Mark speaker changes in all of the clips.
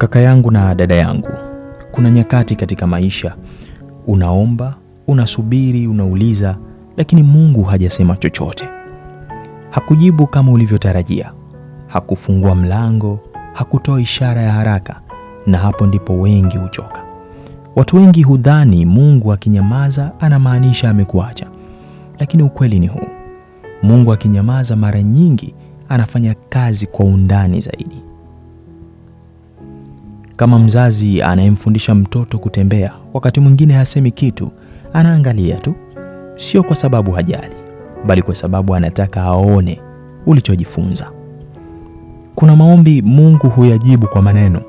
Speaker 1: Kaka yangu na dada yangu, kuna nyakati katika maisha unaomba, unasubiri, unauliza, lakini Mungu hajasema chochote. Hakujibu kama ulivyotarajia, hakufungua mlango, hakutoa ishara ya haraka, na hapo ndipo wengi huchoka. Watu wengi hudhani Mungu akinyamaza anamaanisha amekuacha, lakini ukweli ni huu: Mungu akinyamaza, mara nyingi anafanya kazi kwa undani zaidi. Kama mzazi anayemfundisha mtoto kutembea, wakati mwingine hasemi kitu, anaangalia tu, sio kwa sababu hajali, bali kwa sababu anataka aone ulichojifunza. Kuna maombi Mungu huyajibu kwa maneno,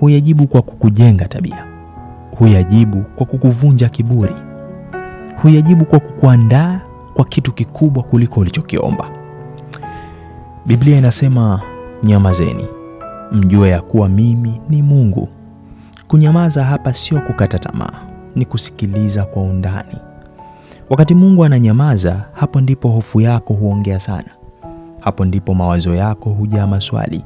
Speaker 1: huyajibu kwa kukujenga tabia, huyajibu kwa kukuvunja kiburi, huyajibu kwa kukuandaa kwa kitu kikubwa kuliko ulichokiomba. Biblia inasema nyamazeni mjue ya kuwa mimi ni Mungu. Kunyamaza hapa sio kukata tamaa, ni kusikiliza kwa undani. Wakati Mungu ananyamaza, hapo ndipo hofu yako huongea sana, hapo ndipo mawazo yako hujaa maswali,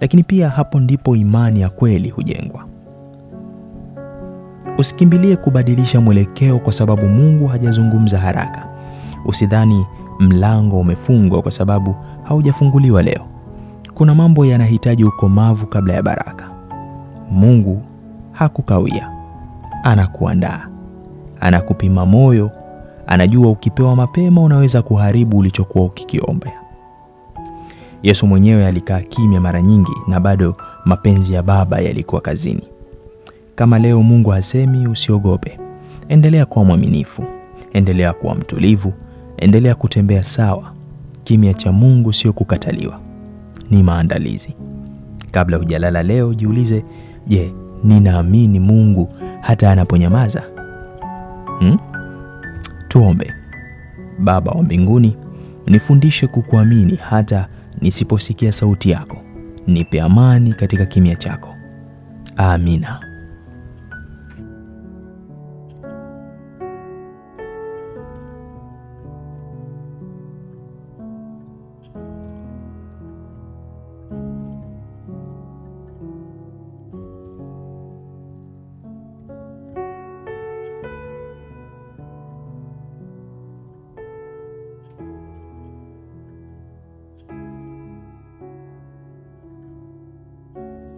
Speaker 1: lakini pia hapo ndipo imani ya kweli hujengwa. Usikimbilie kubadilisha mwelekeo kwa sababu Mungu hajazungumza haraka. Usidhani mlango umefungwa kwa sababu haujafunguliwa leo kuna mambo yanahitaji ukomavu kabla ya baraka. Mungu hakukawia, anakuandaa, anakupima moyo, anajua ukipewa mapema unaweza kuharibu ulichokuwa ukikiombea. Yesu mwenyewe alikaa kimya mara nyingi, na bado mapenzi ya Baba yalikuwa kazini. Kama leo Mungu hasemi, usiogope. Endelea kuwa mwaminifu, endelea kuwa mtulivu, endelea kutembea sawa. Kimya cha Mungu sio kukataliwa ni maandalizi. Kabla hujalala leo, jiulize, je, ninaamini Mungu hata anaponyamaza? Hmm? Tuombe. Baba wa mbinguni, nifundishe kukuamini hata nisiposikia sauti yako. Nipe amani katika kimya chako. Amina.